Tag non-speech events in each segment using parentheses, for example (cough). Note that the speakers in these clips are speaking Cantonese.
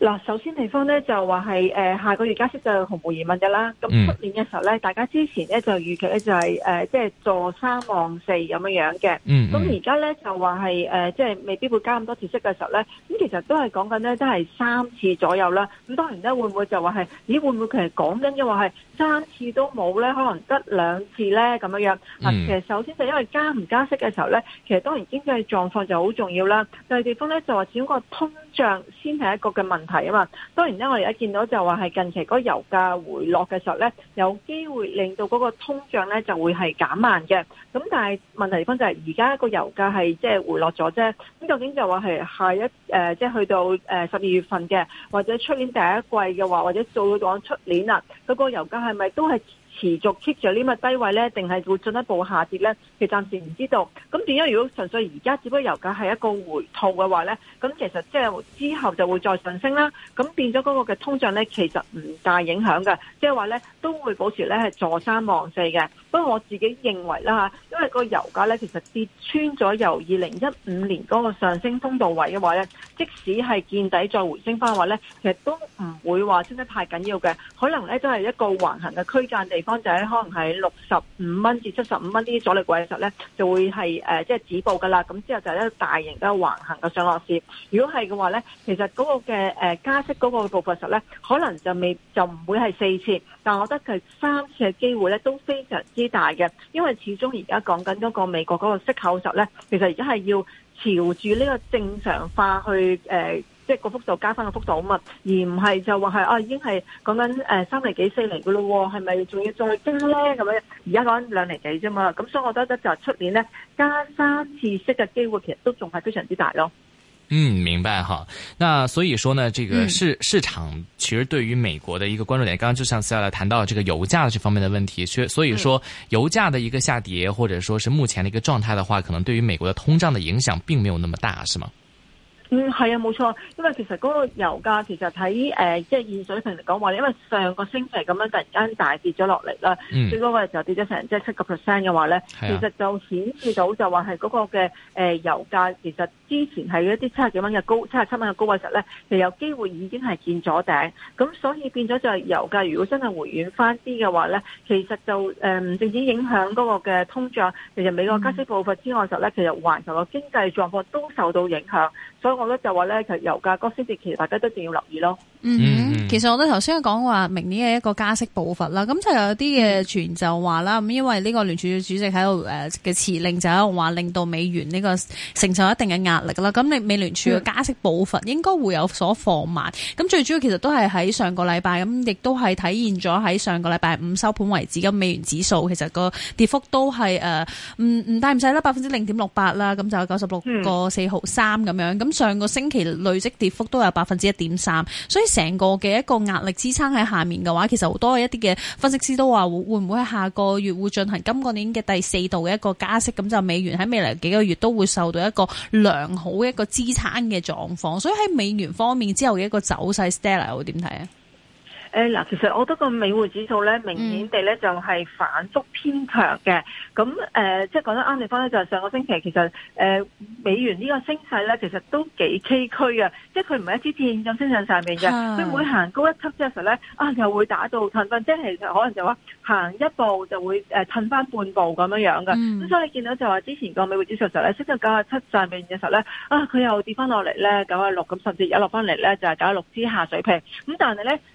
嗱，首先地方咧就話係下個月加息就毫無疑問嘅啦。咁出年嘅時候咧、嗯，大家之前咧就預期咧就係即係坐三望四咁樣嘅。咁而家咧就話係即係未必會加咁多次息嘅時候咧，咁其實都係講緊咧都係三次左右啦。咁當然咧會唔會就話係咦會唔會其實講緊嘅話係三次都冇咧，可能得兩次咧咁樣樣？嗱、嗯，其實首先就因為加唔加息嘅時候咧，其實當然經濟狀況就好重要啦。第二地方咧就話整個通漲先係一個嘅問題啊嘛，當然咧，我哋而家見到就話係近期嗰個油價回落嘅時候咧，有機會令到嗰個通脹咧就會係減慢嘅。咁但係問題地方就係而家個油價係即係回落咗啫。咁究竟就話係下一誒，即、呃、係去到誒十二月份嘅，或者出年第一季嘅話，或者再往出年啊，嗰、那個油價係咪都係？持續 keep 住呢個低位呢，定係會進一步下跌呢？其實暫時唔知道。咁點解？如果純粹而家只不過油價係一個回吐嘅話呢，咁其實即係之後就會再上升啦。咁變咗嗰個嘅通脹呢，其實唔大影響嘅。即係話呢，都會保持呢係坐三望四嘅。不過我自己認為啦嚇，因為個油價呢，其實跌穿咗由二零一五年嗰個上升通道位嘅話呢，即使係見底再回升返嘅話呢，其實都唔會話升得太緊要嘅。可能呢，都係一個橫行嘅區間地。仔可能喺六十五蚊至七十五蚊啲阻力位嘅時候咧，就會係誒，即係止步噶啦。咁之後就係一個大型嘅係橫行嘅上落市。如果係嘅話咧，其實嗰個嘅誒、呃、加息嗰個步伐實咧，可能就未就唔會係四次，但係我覺得佢三次嘅機會咧都非常之大嘅，因為始終而家講緊嗰個美國嗰個息口實咧，其實而家係要朝住呢個正常化去誒。呃即係個幅度加翻個幅度啊嘛，而唔係就話係啊已經係講緊誒、呃、三厘幾四厘噶咯，係咪仲要再升咧？咁樣而家講兩厘幾啫嘛，咁所以我覺得就出年呢，加三次息嘅機會其實都仲係非常之大咯。嗯，明白哈。那所以說呢，這個市市場其實對於美國的一個關注點，嗯、剛剛就上次來談到這個油價這方面的問題，所以所以說油價的一個下跌或者說是目前的一個狀態的話，可能對於美國的通脹的影響並沒有那麼大，是嗎？嗯，係啊，冇錯。因為其實嗰個油價其實睇誒、呃、即係現水平嚟講話，因為上個星期咁樣突然間大跌咗落嚟啦，最多嘅時候跌咗成即係七個 percent 嘅話咧，其實就顯示到就話係嗰個嘅誒、呃、油價其實。之前係一啲七十幾蚊嘅高，七十七蚊嘅高位嘅時候咧，其實有機會已經係見咗頂，咁所以變咗就係油價，如果真係回軟翻啲嘅話咧，其實就誒唔淨止影響嗰個嘅通脹，其實美國加息步伐之外時候呢，候咧其實環球個經濟狀況都受到影響，所以我覺得就話咧，其實油價個升跌，其實大家都一定要留意咯。嗯，嗯，其實我都頭先講話明年嘅一個加息步伐啦，咁就有啲嘅傳就話啦，咁、嗯、因為呢個聯儲主席喺度誒嘅辭令就喺度話令到美元呢個承受一定嘅壓力啦，咁你美聯儲嘅加息步伐應該會有所放慢，咁最主要其實都係喺上個禮拜，咁亦都係體現咗喺上個禮拜五收盤為止嘅美元指數，其實個跌幅都係誒唔唔大唔細啦，百分之零點六八啦，咁就有九十六個四毫三咁樣，咁、嗯、上個星期累積跌幅都有百分之一點三，所以。成個嘅一個壓力支撐喺下面嘅話，其實好多一啲嘅分析師都話會唔會喺下個月會進行今個年嘅第四度嘅一個加息，咁就美元喺未來幾個月都會受到一個良好一個支撐嘅狀況，所以喺美元方面之後嘅一個走勢，Stella 點睇啊？誒嗱，其實我覺得個美匯指數咧，明顯地咧就係反覆偏強嘅。咁誒，即係講得啱地方咧，就係、是、上個星期其實誒、呃、美元個星際呢個升勢咧，其實都幾崎嶇嘅，即係佢唔係一支箭咁升上上面嘅。佢每行高一級之嘅時候咧，啊又會打到褪返，即係其實可能就話行一步就會誒褪翻半步咁樣樣嘅。咁、嗯、所以你見到就話之前個美匯指數就候咧，升到九十七上面嘅時候咧，啊佢又跌翻落嚟咧九十六，咁甚至有落翻嚟咧就係九十六之下水平。咁但係咧。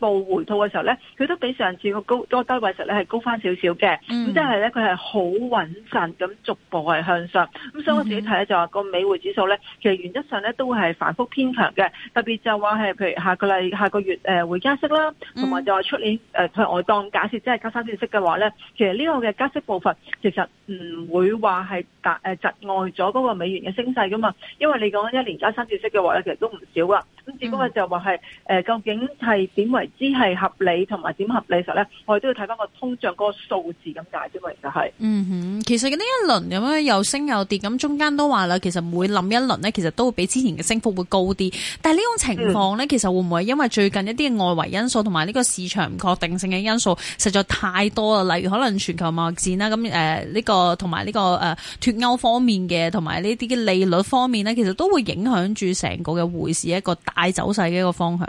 報回吐嘅時候咧，佢都比上次個高多低位時咧係高翻少少嘅，咁、嗯、即係咧佢係好穩陣咁逐步係向上。咁、嗯、所以我自己睇咧就話個美匯指數咧，其實原則上咧都會係反覆偏強嘅，特別就話係譬如下個禮下個月誒會、呃、加息啦，同、嗯、埋就話出年誒我當假設即係加三點息嘅話咧，其實呢個嘅加息部分其實唔會話係隔誒窒礙咗嗰個美元嘅升勢噶嘛，因為你講一年加三點息嘅話咧，其實都唔少啊。咁、嗯、只不過就話係誒究竟係點為？只係合理同埋點合理實咧，我哋都要睇翻個通脹嗰個數字咁解啫嘛。其實係，嗯哼，其實呢一輪咁樣有升有跌，咁中間都話啦，其實每諗一輪呢，其實都會比之前嘅升幅會高啲。但係呢種情況呢、嗯，其實會唔會因為最近一啲嘅外圍因素同埋呢個市場唔確定性嘅因素實在太多啊？例如可能全球貿易戰啦，咁誒呢個同埋呢個誒脫歐方面嘅，同埋呢啲利率方面呢，其實都會影響住成個嘅匯市一個大走勢嘅一個方向。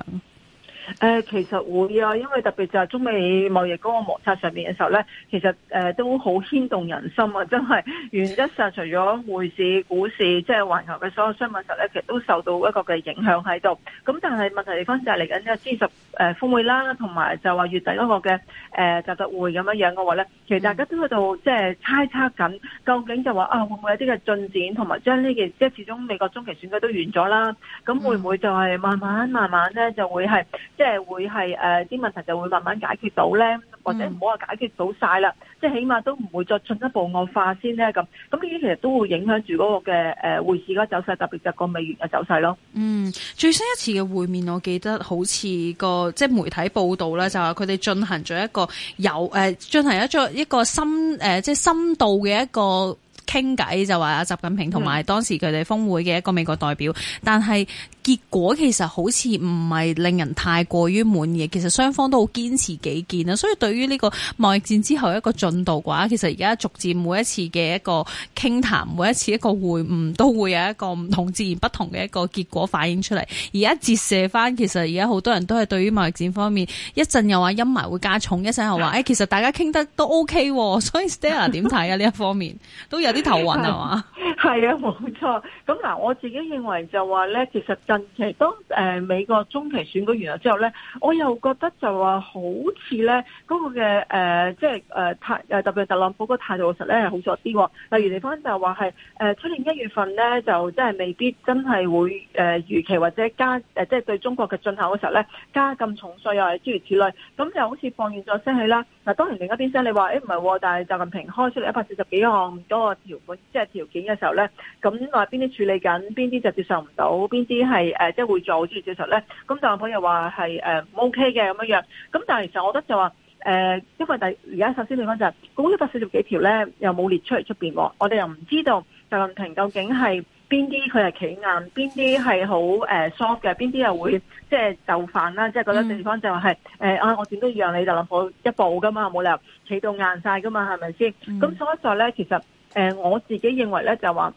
誒、呃，其實會啊，因為特別就係中美貿易嗰個摩擦上面嘅時候咧，其實誒、呃、都好牽動人心啊！真係，原因上，除咗匯市、股市，即係環球嘅所有商品時候咧，其實都受到一個嘅影響喺度。咁、嗯、但係問題地方就係嚟緊呢個 G 十誒峰會啦，同埋就話月底嗰個嘅誒習特會咁樣樣嘅話咧，其實大家都喺度即係猜測緊，究竟就話啊會唔會有啲嘅進展，同埋將呢件即係始終美國中期選舉都完咗啦，咁會唔會就係慢慢慢慢咧就會係？即係會係誒啲問題就會慢慢解決到咧，或者唔好話解決到晒啦。即、嗯、係起碼都唔會再進一步惡化先咧咁。咁呢啲其實都會影響住嗰、那個嘅誒、呃、匯市嘅走勢，特別就個美元嘅走勢咯。嗯，最新一次嘅會面，我記得好似個即係媒體報道咧，就話佢哋進行咗一個有誒、呃、進行一個一個深誒、呃、即係深度嘅一個傾偈，就話阿習近平同埋當時佢哋峰會嘅一個美國代表，嗯、但係。結果其實好似唔係令人太過於滿意，其實雙方都好堅持己見啦，所以對於呢個貿易戰之後一個進度嘅話，其實而家逐漸每一次嘅一個傾談，每一次一個會晤都會有一個唔同自然不同嘅一個結果反映出嚟。而家折射翻，其實而家好多人都係對於貿易戰方面，一陣又話陰霾會加重，一陣又話誒、欸、其實大家傾得都 OK 喎。所以 Stella 點睇啊？呢 (laughs) 一方面都有啲頭暈係嘛？係啊，冇錯。咁嗱，我自己認為就話咧，其實近期當誒、呃、美國中期選舉完咗之後咧，我又覺得就話好似咧嗰個嘅誒、呃，即係誒態誒特別係特朗普個態度嘅時候咧，係好咗啲、哦。例如地方就話係誒出年一月份咧，就即係未必真係會誒預、呃、期或者加誒即係對中國嘅進口嘅時候咧加咁重稅又係諸如此類。咁又好似放軟咗聲氣啦。嗱當然另一邊聲你話誒唔係喎，但係習近平開出嚟一百四十幾項多個條款即係條件嘅、就是、時候咧，咁話邊啲處理緊，邊啲就接受唔到，邊啲係。係誒、呃，即係會做專業諮詢咧。咁、嗯、特朗普又話係誒 OK 嘅咁樣樣。咁、呃、但係其實我覺得就話誒、呃，因為第而家首先地方就係嗰一百四十幾條咧，又冇列出嚟出面。我哋又唔知道特朗普究竟係邊啲佢係企硬，邊啲係好誒 soft 嘅，邊、呃、啲又會即係就範啦。即係、就是、覺得對方就話係誒啊，我點都要讓你特朗普一步噶嘛，冇理由企到硬晒噶嘛，係咪先？咁、嗯嗯、所以在咧，其實誒、呃、我自己認為咧就話。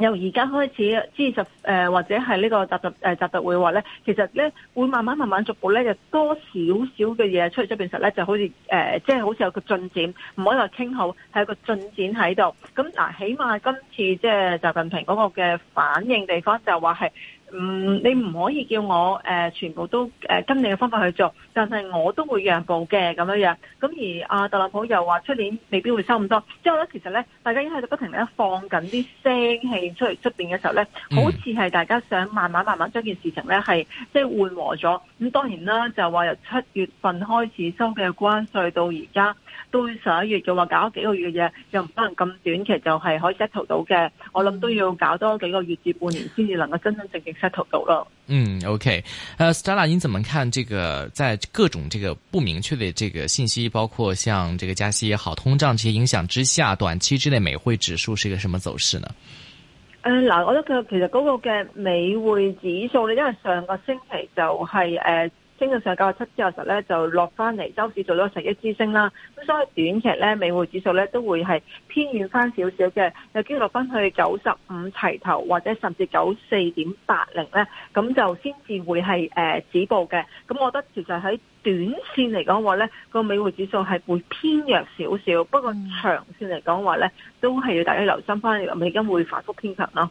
由而家開始，即係實或者係呢個習特、呃、習誒習特會話咧，其實咧會慢慢慢慢逐步咧，就多少少嘅嘢出喺出邊，實咧就好似誒，即、呃、係、就係、好似有個進展，唔可以話傾好，係有個進展喺度。咁嗱，起碼今次即係、呃、習近平嗰個嘅反應地方，就話係。嗯，你唔可以叫我誒、呃、全部都誒、呃、跟你嘅方法去做，但係我都會讓步嘅咁樣樣。咁而阿、啊、特朗普又話出年未必會收咁多。之後咧，其實咧，大家一喺度不停咧放緊啲聲氣出嚟出面嘅時候咧，好似係大家想慢慢慢慢將件事情咧係即係緩和咗。咁、嗯嗯、當然啦，就話由七月份開始收嘅關稅到而家。都十一月嘅話搞幾個月嘅嘢，又唔可能咁短期就係可以 settle 到嘅。我諗都要搞多幾個月至半年，先至能夠真真正正 settle 到咯。嗯，OK，誒、uh,，Stella，你怎麼看？這個在各種這個不明確嘅這個信息，包括像這個加息也好、通脹這些影響之下，短期之內美匯指數是一個什麼走勢呢？誒，嗱，我覺得其實嗰個嘅美匯指數咧，因為上個星期就係、是、誒。呃升到上九十七之後實咧就落翻嚟，周市做咗十一支升啦。咁所以短期咧美匯指數咧都會係偏軟翻少少嘅，又經落翻去九十五齊頭或者甚至九四點八零咧，咁就先至會係誒止步嘅。咁我覺得其實喺短線嚟講話咧，個美匯指數係會偏弱少少，不過長線嚟講話咧都係要大家留心翻嚟，美金會反覆偏強咯。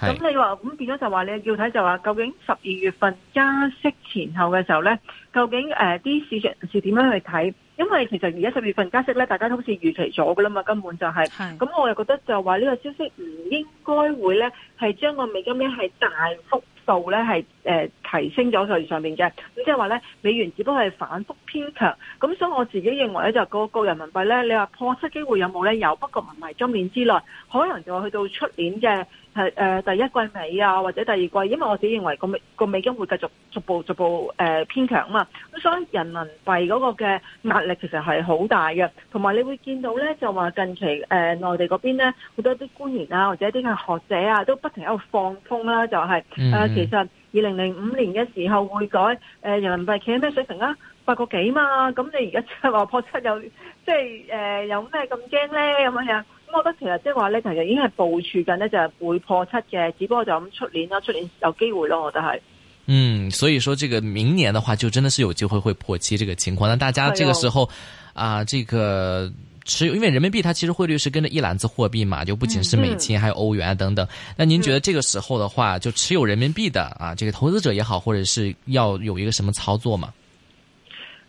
咁你話咁變咗就話你要睇就話究竟十二月份加息前後嘅時候咧，究竟誒啲、呃、市場是點樣去睇？因為其實而家十二月份加息咧，大家都好似預期咗噶啦嘛，根本就係、是。咁我又覺得就話呢個消息唔應該會咧係將個美金咧係大幅度咧係誒提升咗佢上，上面嘅。咁即係話咧，美元只不過係反覆偏強。咁所以我自己認為咧就是、個個人民幣咧，你話破七機會有冇咧？有，不過唔係今年之內，可能就去到出年嘅。係第一季尾啊，或者第二季，因為我自己認為個美美金會繼續逐步逐步誒偏強啊嘛，咁所以人民幣嗰個嘅壓力其實係好大嘅，同埋你會見到咧就話近期誒內、呃、地嗰邊咧好多啲官員啊，或者啲學者啊，都不停喺度放風啦、啊，就係、是嗯呃、其實二零零五年嘅時候匯改誒、呃、人民幣企喺咩水平啊，八個幾嘛，咁你而家七破七又即係誒、呃、有咩咁驚咧咁樣咁我覺得其實即係話呢，其實已經係部署緊呢，就係會破七嘅，只不過就咁出年啦，出年有機會咯，我覺得係。嗯，所以說，這個明年的話，就真的是有機會會破七，這個情況。但大家這個時候、哦、啊，這個持有，因為人民幣，它其實匯率是跟着一籃子貨幣嘛，就不僅是美金，還有歐元等等、嗯。那您覺得這個時候的話，就持有人民幣的啊，這個投資者也好，或者是要有一個什麼操作嗎？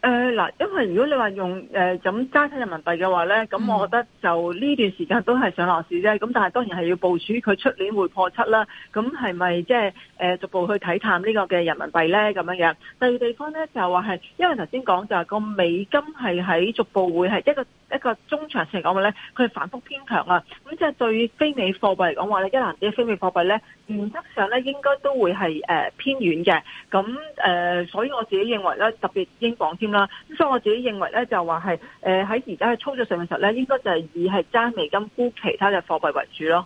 誒、呃、嗱，因為如果你話用誒咁齋睇人民幣嘅話咧，咁我覺得就呢段時間都係上落市啫。咁但係當然係要部署佢出年會破七啦。咁係咪即係誒逐步去睇淡呢個嘅人民幣咧？咁樣樣第二地方咧就話係因為頭先講就係、是、個美金係喺逐步會係一個。那個、中長線嚟講嘅，咧，佢係反覆偏強啊，咁即係對非美貨幣嚟講話咧，一籃子非美貨幣咧，原則上咧應該都會係誒、呃、偏軟嘅，咁誒、呃，所以我自己認為咧，特別英鎊添啦，咁所以我自己認為咧，就話係誒喺而家嘅操作上嘅時候咧，應該就係以係揸美金沽其他嘅貨幣為主咯。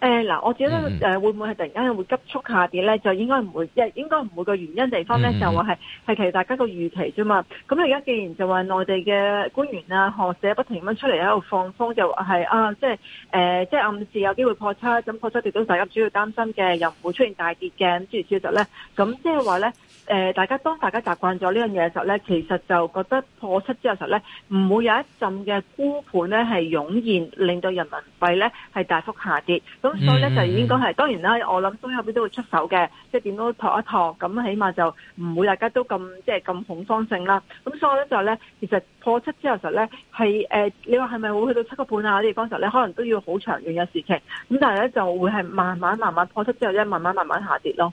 誒，嗱，我自己會誒，會唔會係突然間會急速下跌咧？就應該唔會，應應該唔會個原因，地方咧，就話係係其實大家個預期啫嘛。咁而家既然就話內地嘅官員啊、學者不停咁出嚟喺度放風，就話係啊，即係誒、呃，即係暗示有機會破差，咁破差亦都大家主要擔心嘅，又唔會出現大跌嘅，咁至於事實咧，咁即係話咧。呃、大家當大家習慣咗呢樣嘢嘅時候咧，其實就覺得破七之後嘅時候咧，唔會有一陣嘅沽盤咧係湧現，令到人民幣咧係大幅下跌。咁所以咧、嗯、就已經講係當然啦，我諗中央邊都會出手嘅，即係點都托一托，咁起碼就唔會大家都咁即係咁恐慌性啦。咁所以咧就咧，其實破七之後嘅時候咧，係、呃、你話係咪會去到七個半啊？啲嘅時候咧，可能都要好長遠嘅事情。咁但係咧就會係慢慢慢慢破七之後咧，慢慢慢慢下跌咯。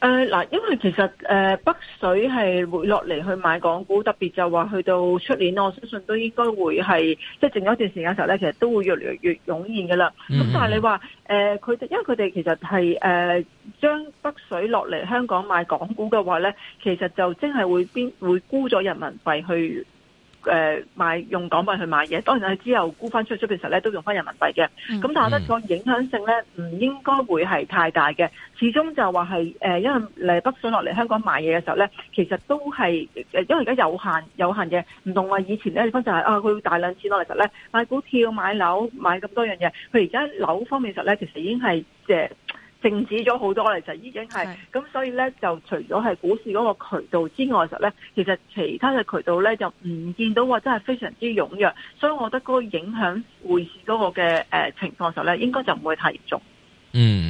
誒、呃、嗱，因為其實誒、呃、北水係會落嚟去買港股，特別就話去到出年，我相信都應該會係即係剩咗一段時間時候咧，其實都會越嚟越湧現噶啦。咁、mm -hmm. 但係你話誒佢哋，因為佢哋其實係誒將北水落嚟香港買港股嘅話咧，其實就真係會邊會沽咗人民幣去。誒買用港幣去買嘢，當然係之後沽翻出去出嘅時候咧，都用翻人民幣嘅。咁、嗯、但係咧，個影響性咧，唔應該會係太大嘅。始終就話係誒，因為嚟北上落嚟香港買嘢嘅時候咧，其實都係因為而家有限有限嘅，唔同話以前咧，地方就係、是、啊，佢大量錢落嚟實咧，買股票買樓買咁多樣嘢，佢而家樓方面實咧，其實已經係即係。呃靜止咗好多啦，其實已經係咁，所以咧就除咗係股市嗰個渠道之外，實咧其實其他嘅渠道咧就唔見到話真係非常之踴躍，所以我覺得嗰個影響匯市嗰個嘅誒情況時候咧應該就唔會太嚴重。嗯。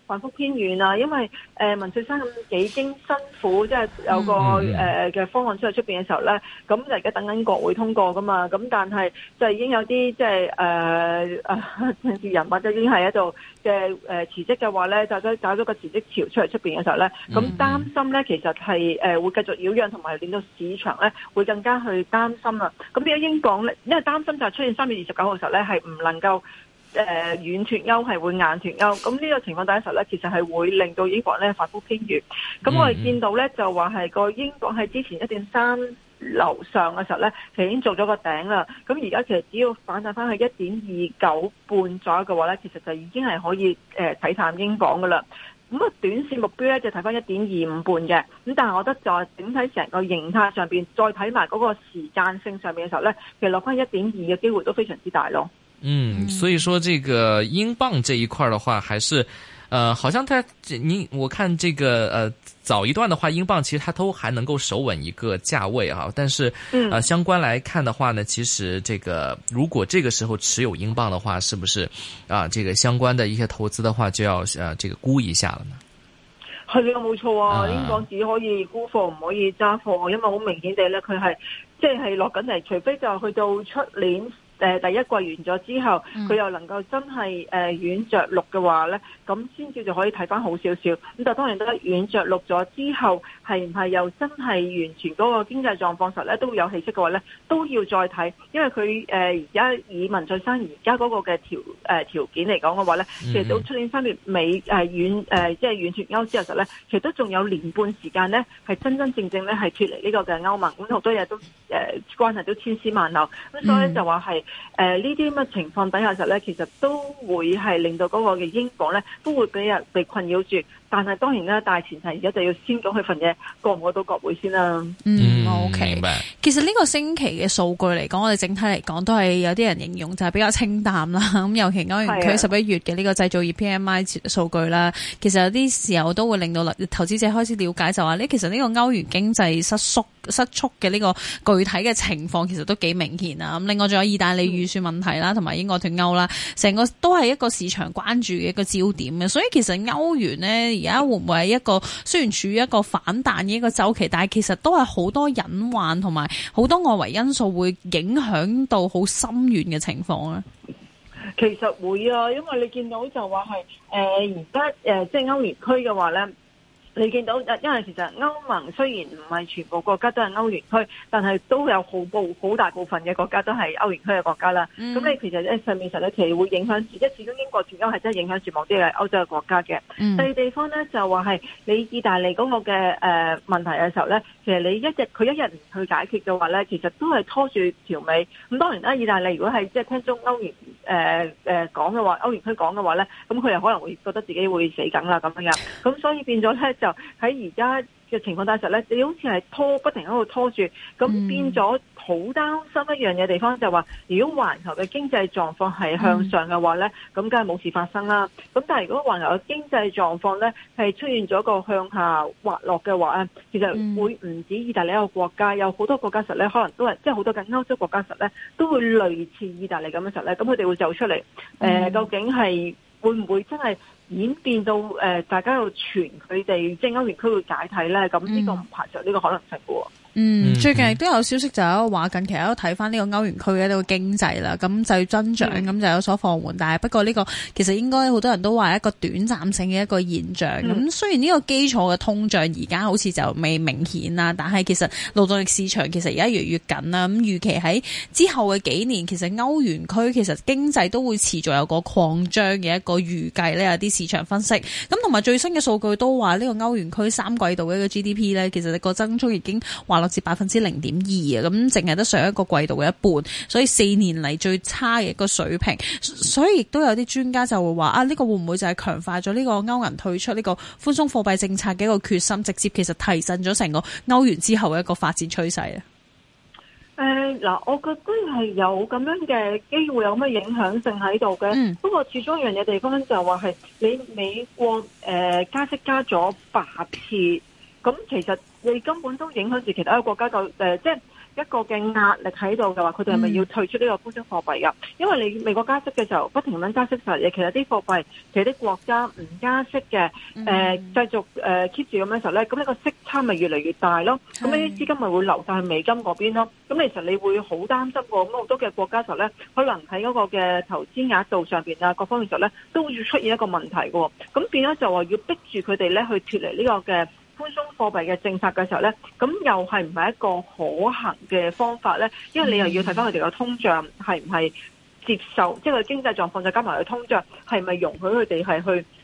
反覆偏遠啊，因為誒、呃、文翠珊咁幾經辛苦，即、就、係、是、有個誒嘅、呃、方案出嚟出面嘅時候咧，咁就而家等緊國會通過噶嘛，咁但係就已經有啲即係誒啊政治人物就已經係喺度嘅誒辭職嘅話咧，就搞搞咗個辭職潮出嚟出面嘅時候咧，咁擔心咧其實係誒、呃、會繼續擾攘，同埋令到市場咧會更加去擔心啦、啊。咁而家英鎊咧，因為擔心就係出現三月二十九號嘅時候咧，係唔能夠。誒、呃，軟脫歐係會硬脫歐，咁呢個情況底下咧，其實係會令到英鎊咧反覆偏弱。咁我哋見到咧就話係個英鎊喺之前一點三樓上嘅時候咧，其實已經做咗個頂啦。咁而家其實只要反彈翻去一點二九半左右嘅話咧，其實就已經係可以誒睇、呃、淡英鎊噶啦。咁啊，短線目標咧就睇翻一點二五半嘅。咁但係我覺得就係整體成個形態上面，再睇埋嗰個時間性上面嘅時候咧，其實落翻一點二嘅機會都非常之大咯。嗯，所以說這個英鎊這一塊的話，還是，呃，好像它你我看這個呃早一段的話，英鎊其實它都還能夠守穩一個價位啊。但是呃相關來看的話呢，其實這個如果這個時候持有英鎊的話，是不是啊這個相關的一些投資的話，就要呃、啊、這個沽一下了呢？係啊，冇錯啊，英鎊只可以沽貨，唔可以揸貨，因為好明顯地呢，佢係即係落緊嚟，除非就是去到出年。誒，第一季完咗之後，佢、嗯、又能夠真係誒軟着陸嘅話咧？咁先至就可以睇翻好少少，咁就當然得。軟着陸咗之後，係唔係又真係完全嗰個經濟狀況時候咧都會有起色嘅話咧，都要再睇，因為佢誒而家以文翠珊而家嗰個嘅條、呃、條件嚟講嘅話咧，其實到出年三月尾誒遠誒即係軟脫歐之後實咧，其實都仲、呃呃、有年半時間咧係真真正正咧係脱離呢個嘅歐盟，咁好多嘢都誒、呃、關係都千絲萬縷，咁所以就話係誒呢啲咁嘅情況底下實咧，其實都會係令到嗰個嘅英鎊咧。都會畀人被困擾住，但係當然咧，大前提而家就要先講佢份嘢過唔過到國會先啦。嗯，OK。明白。其實呢個星期嘅數據嚟講，我哋整體嚟講都係有啲人形容就係比較清淡啦。咁尤其歐元區十一月嘅呢個製造業 PMI 數據啦，其實有啲時候都會令到投資者開始了解就話，呢其實呢個歐元經濟失縮失速嘅呢個具體嘅情況其實都幾明顯啊。咁另外仲有意大利預算問題啦，同、嗯、埋英國脱歐啦，成個都係一個市場關注嘅一個焦點。所以其實歐元呢，而家會唔會係一個雖然處於一個反彈嘅一個周期，但係其實都係好多隱患同埋好多外圍因素會影響到好深遠嘅情況呢？其實會啊，因為你見到就說是，呃現在呃，話係誒而家誒即係歐元區嘅話呢。你見到，因為其實歐盟雖然唔係全部國家都係歐元區，但係都有好部好大部分嘅國家都係歐元區嘅國家啦。咁、嗯、你其實咧上面上咧，其實會影響住，即係始終英國脱歐係真係影響住某啲嘅歐洲嘅國家嘅、嗯。第二地方咧就話係你意大利嗰個嘅誒問題嘅時候咧，其實你一日佢一日唔去解決嘅話咧，其實都係拖住條尾。咁當然啦，意大利如果係即係聽中歐元誒誒、呃、講嘅話，歐元區講嘅話咧，咁佢又可能會覺得自己會死梗啦咁樣樣。咁所以變咗咧。就喺而家嘅情況底下，實咧你好似係拖，不停喺度拖住，咁變咗好擔心一樣嘢。地方、嗯、就係、是、話，如果環球嘅經濟狀況係向上嘅話咧，咁梗係冇事發生啦。咁但係如果環球嘅經濟狀況咧係出現咗個向下滑落嘅話咧，其實會唔止意大利一個國家，有好多國家實咧可能都係，即係好多緊歐洲國家實咧都會類似意大利咁嘅實咧，咁佢哋會走出嚟。誒、嗯，究竟係會唔會真係？演變到、呃、大家又傳佢哋即係歐元區會解體呢，咁呢個唔排除呢個可能性喎。嗯嗯，嗯，最近亦都有消息就喺度話，近期喺度睇翻呢個歐元區嘅呢個經濟啦，咁就增長，咁、嗯、就有所放緩。但係不過呢、這個其實應該好多人都話一個短暫性嘅一個現象。咁、嗯、雖然呢個基礎嘅通脹而家好似就未明顯啦，但係其實勞動力市場其實而家越嚟越緊啦。咁預期喺之後嘅幾年，其實歐元區其實經濟都會持續有個擴張嘅一個預計呢，有啲市場分析，咁同埋最新嘅數據都話呢個歐元區三季度嘅一個 GDP 呢，其實個增速已經落至百分之零點二啊！咁淨係得上一個季度嘅一半，所以四年嚟，最差嘅個水平。所以亦都有啲專家就會話啊，呢個會唔會就係強化咗呢個歐銀退出呢個寬鬆貨幣政策嘅一個決心，直接其實提振咗成個歐元之後嘅一個發展趨勢咧？誒，嗱，我覺得係有咁樣嘅機會有什麼的，有咩影響性喺度嘅。不過，始終一樣嘅地方就話係你美國誒、呃、加息加咗八次，咁其實。你根本都影響住其他嘅國家的、呃，就誒即係一個嘅壓力喺度嘅話，佢哋係咪要退出呢個高息貨幣啊？因為你美國加息嘅時候不停咁加息曬，你其實啲貨幣，其實啲國家唔加息嘅，誒、嗯、繼、呃、續誒 keep 住咁嘅時候咧，咁呢個息差咪越嚟越大咯。咁呢啲資金咪會流晒去美金嗰邊咯。咁其實你會好擔心喎。咁好多嘅國家時候咧，可能喺嗰個嘅投資額度上邊啊，各方面時候咧都會出現一個問題嘅。咁變咗就話要逼住佢哋咧去脱離呢個嘅。寬鬆貨幣嘅政策嘅時候咧，咁又係唔係一個可行嘅方法咧？因為你又要睇翻佢哋嘅通脹係唔係接受，即係佢經濟狀況，再加埋佢通脹係咪容許佢哋係去？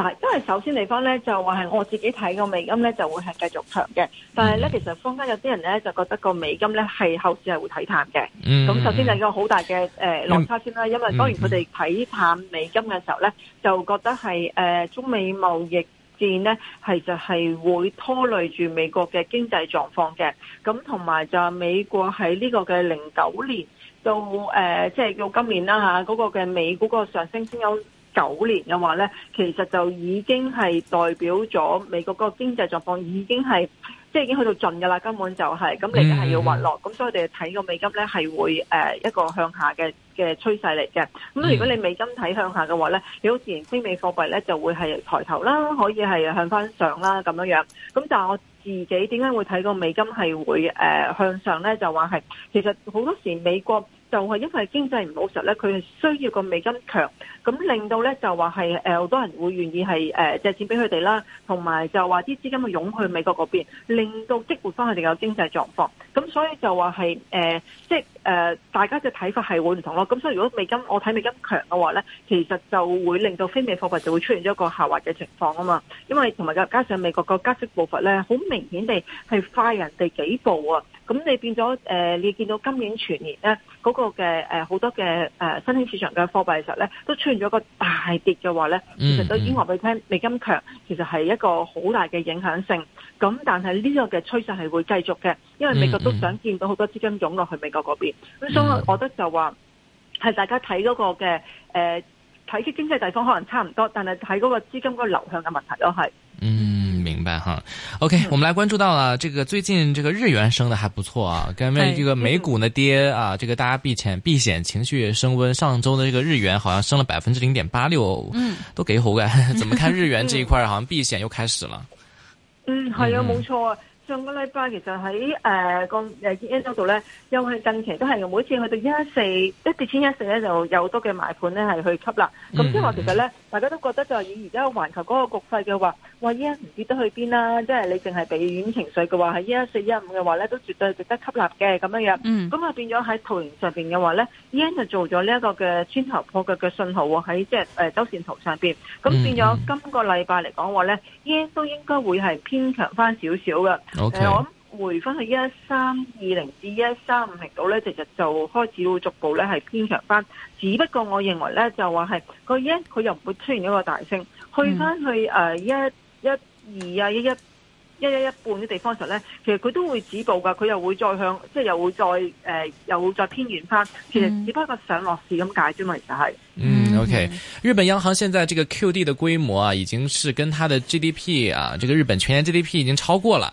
但係因為首先地方咧，就話係我自己睇個美金咧，就會係繼續強嘅。但係咧，其實坊間有啲人咧就覺得個美金咧係後市係會睇淡嘅。咁、嗯、首先係一個好大嘅誒落差先啦。因為當然佢哋睇淡美金嘅時候咧，就覺得係誒中美貿易戰咧係就係會拖累住美國嘅經濟狀況嘅。咁同埋就美國喺呢個嘅零九年到誒即係到今年啦嚇嗰個嘅美股個上升先有。九年嘅話咧，其實就已經係代表咗美國個經濟狀況已經係即係已經去到盡噶啦，根本就係、是、咁，那你係要滑落，咁、嗯嗯、所以我哋睇個美金咧係會誒、呃、一個向下嘅嘅趨勢嚟嘅。咁如果你美金睇向下嘅話咧，你好自然非美貨幣咧就會係抬頭啦，可以係向返上啦咁樣樣。咁但係我自己點解會睇個美金係會誒、呃、向上咧？就話係其實好多時美國。就係因為經濟唔好實咧，佢係需要個美金強，咁令到咧就話係好多人會願意係借錢俾佢哋啦，同埋就話啲資金會湧去美國嗰邊，令到激活翻佢哋嘅經濟狀況。咁所以就話係誒，即係誒、呃，大家嘅睇法係會唔同咯。咁所以如果美金我睇美金強嘅話咧，其實就會令到非美貨幣就會出現咗一個下滑嘅情況啊嘛。因為同埋加上美國個加息步伐咧，好明顯地係快人哋幾步啊。咁你變咗誒、呃，你見到今年全年咧嗰、那個嘅誒好多嘅誒、呃、新興市場嘅貨幣嘅時候咧，都出現咗個大跌嘅話咧，mm -hmm. 其實都已經話俾你聽，美金強其實係一個好大嘅影響性。咁但係呢個嘅趨勢係會繼續嘅，因為美國。嗯、都想見到好多資金湧落去美國嗰邊、嗯，所以我覺得就話係大家睇嗰、那個嘅誒，睇、呃、啲經濟地方可能差唔多，但係睇嗰個資金個流向嘅問題咯，係。嗯，明白哈。OK、嗯、我們來關注到啊，這個最近這個日元升得還不錯啊，跟住個美股呢跌、嗯、啊，這個大家避險避險情緒升溫。上周的這個日元好像升了百分之零點八六，都幾好嘅。 (laughs) 怎麼看日元這一塊，好像避險又開始了？嗯、係、嗯嗯、啊，冇錯啊。上個禮拜其實喺、呃那個 yen 嗰度咧，又係近期都係每次去到一四一跌穿一四咧，就有好多嘅買盤咧係去吸納。咁即係話其實咧，大家都覺得就係以而家環球嗰個局勢嘅話，哇依 yen 跌得去邊啦？即係你淨係避險情緒嘅話，喺一四一五嘅話咧，都絕對值得吸納嘅咁樣樣。咁、mm、啊 -hmm. 變咗喺圖形上面嘅話咧，依 yen 就做咗呢一個嘅穿頭破腳嘅信號喎。喺即係誒周線圖上面，咁變咗今個禮拜嚟講話咧，依 yen 都應該會係偏強翻少少嘅。Okay, 我諗回翻去一三二零至一三五零度咧，其實就開始會逐步咧係偏強翻。只不過我認為咧，就話係個 yen，佢又唔會出現一個大升，去翻去誒一一二啊一一一一一半嘅地方時候咧，其實佢都會止步噶，佢又會再向即係又會再誒、呃、又會再偏軟翻。其實只不過上落市咁解啫嘛，其實係。嗯，OK 嗯。日本央行現在這個 QD 的規模啊，已經是跟它的 GDP 啊，這個日本全年 GDP 已經超過了。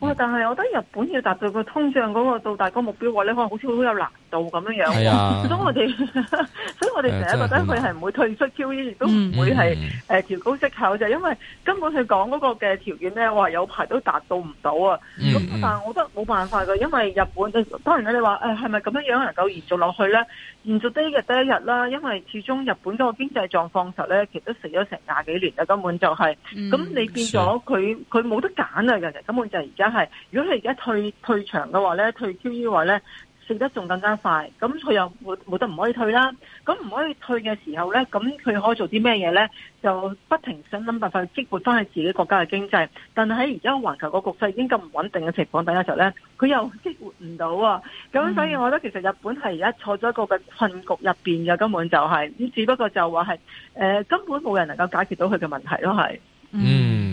但係我覺得日本要達到個通脹嗰個到達嗰目標，咧可能好似好有難度咁樣樣。係、哎、啊， (laughs) 所以我哋、哎、 (laughs) 所以我哋成日覺得佢係唔會退出 QE，亦、嗯、都唔會係誒、嗯嗯、調高息口，就因為根本佢講嗰個嘅條件咧，話有排都達到唔到啊。嗯，咁、嗯、但係我覺得冇辦法㗎，因為日本當當然啦，你話係咪咁樣樣能夠延續落去咧？延續得一日得一日啦，因為始終日本嗰個經濟狀況實咧，其實都死咗成廿幾年啦，根本就係、是。嗯，咁你變咗佢佢冇得揀啊！其實根本就係而家。係，如果佢而家退退場嘅話咧，退 QE 嘅話咧，死得仲更加快。咁佢又冇冇得唔可以退啦。咁唔可以退嘅時候咧，咁佢可以做啲咩嘢咧？就不停想諗辦法去激活翻佢自己國家嘅經濟。但係喺而家環球個局勢已經咁唔穩定嘅情況底下時候呢，實咧佢又激活唔到。啊。咁所以我覺得其實日本係而家坐咗一個嘅困局入邊嘅，根本就係、是、咁。只不過就話係誒根本冇人能夠解決到佢嘅問題咯，係嗯。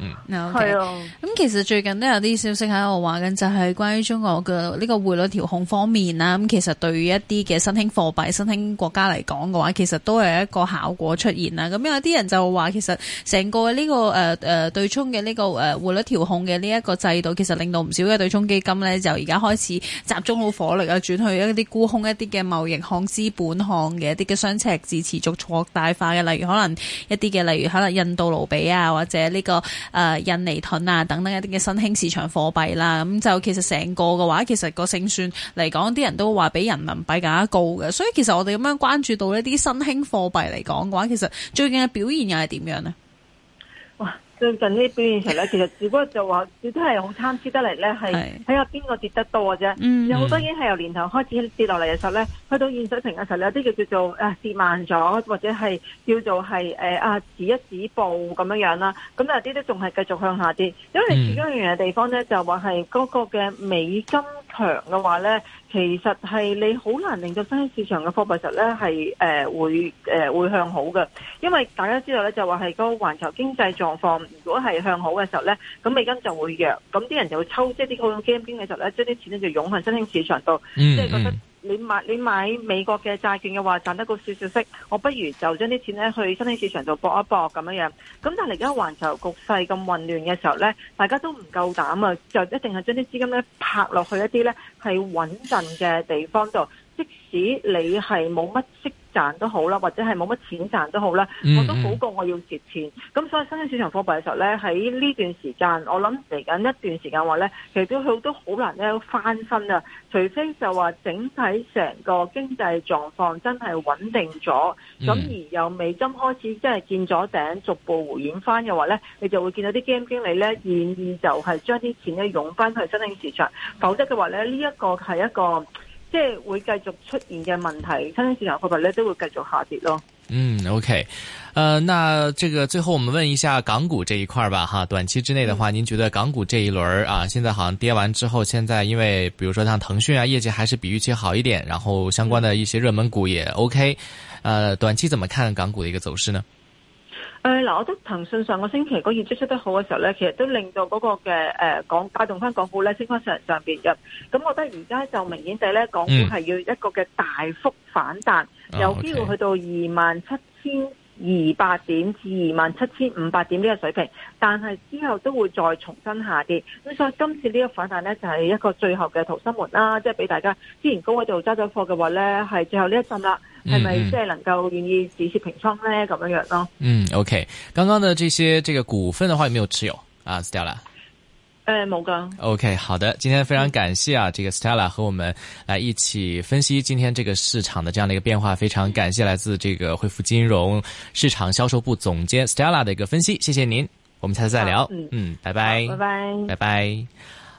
Okay. 嗯，係啊，咁其實最近都有啲消息，喺度話緊，就係、是、關於中國嘅呢個匯率調控方面啦。咁其實對於一啲嘅新興貨幣、新興國家嚟講嘅話，其實都係一個效果出現啦。咁有啲人就話，其實成個呢、這個誒誒、呃、對沖嘅呢、這個誒匯、呃、率調控嘅呢一個制度，其實令到唔少嘅對沖基金咧，就而家開始集中好火力啊，轉去一啲沽空一啲嘅貿易項、資本項嘅一啲嘅雙赤字持續擴大化嘅，例如可能一啲嘅，例如可能印度盧比啊，或者呢、這個。誒印尼盾啊，等等一啲嘅新興市場貨幣啦，咁就其實成個嘅話，其實個勝算嚟講啲人都話比人民幣更加高嘅，所以其實我哋咁樣關注到一啲新興貨幣嚟講嘅話，其實最近嘅表現又係點樣呢？最近呢表現上咧，其實只不過就話，亦都係好參差得嚟咧，係睇下邊個跌得多嘅啫。有好多已經係由年頭開始跌落嚟嘅時候咧，去到現水平嘅時候咧，有啲叫叫做誒、啊、跌慢咗，或者係叫做係誒啊止一止步咁樣樣啦。咁有啲都仲係繼續向下跌，因為始終一樣嘅地方咧，就話係嗰個嘅美金。強嘅話咧，其實係你好難令到新興市場嘅貨幣值咧係誒會誒會向好嘅，因為大家知道咧就話係個環球經濟狀況如果係向好嘅時候咧，咁美金就會弱，咁啲人就會抽即係啲高風險基金嘅時候咧，將啲錢咧就湧向新興市場度，即係覺得。你買你買美國嘅債券嘅話，賺得個少少息，我不如就將啲錢呢去新興市場度搏一搏咁樣樣。咁但係而家環球局勢咁混亂嘅時候呢，大家都唔夠膽啊，就一定係將啲資金呢拍落去一啲呢係穩陣嘅地方度。即使你係冇乜息賺都好啦，或者係冇乜錢賺都好啦，嗯嗯，我都好過我要蝕錢。咁所以新興市場貨幣嘅時候咧，喺呢段時間，我諗嚟緊一段時間話咧，其實都好都好難咧翻身啊。除非就話整體成個經濟狀況真係穩定咗，咁、嗯、而又美金開始真係見咗頂，逐步回軟翻嘅話咧，你就會見到啲基金經理咧，願意就係將啲錢咧湧翻去新興市場，否則嘅話咧，呢、這個、一個係一個。即係會繼續出現嘅問題，新興市場貨幣咧都會繼續下跌咯。嗯，OK，呃，那這個最後我們問一下港股這一塊吧，哈，短期之內的話，嗯，您覺得港股這一輪啊，現在好像跌完之後，現在因為，比如說像騰訊啊，業績還是比預期好一點，然後相關的一些熱門股也 OK，呃，短期怎麼看港股的一個走勢呢？誒，嗱，我覺得騰訊上個星期嗰業績出得好嘅時候咧，其實都令到嗰個嘅誒，呃、動港帶動翻港股咧升翻上上邊嘅。咁、嗯、我覺得而家就明顯地咧，港股係要一個嘅大幅反彈、嗯，有機會去到二萬七千二百點至二萬七千五百點呢個水平。但係之後都會再重新下跌。咁所以今次呢個反彈咧，就係、是、一個最後嘅逃生門啦，即係俾大家之前高位度揸咗貨嘅話咧，係最後呢一陣啦。係咪即係能夠願意止蝕平倉呢？咁樣樣咯？嗯，OK。剛剛的這些這個股份的話，有沒有持有啊？Stella？呃，冇噶。OK，好的。今天非常感謝啊，嗯，這個 Stella 和我們來一起分析今天這個市場的這樣的一個變化。非常感謝來自這個匯富金融市場銷售部總監 Stella 的一個分析。謝謝您，我們下次再聊。嗯，嗯拜拜，拜拜，拜拜。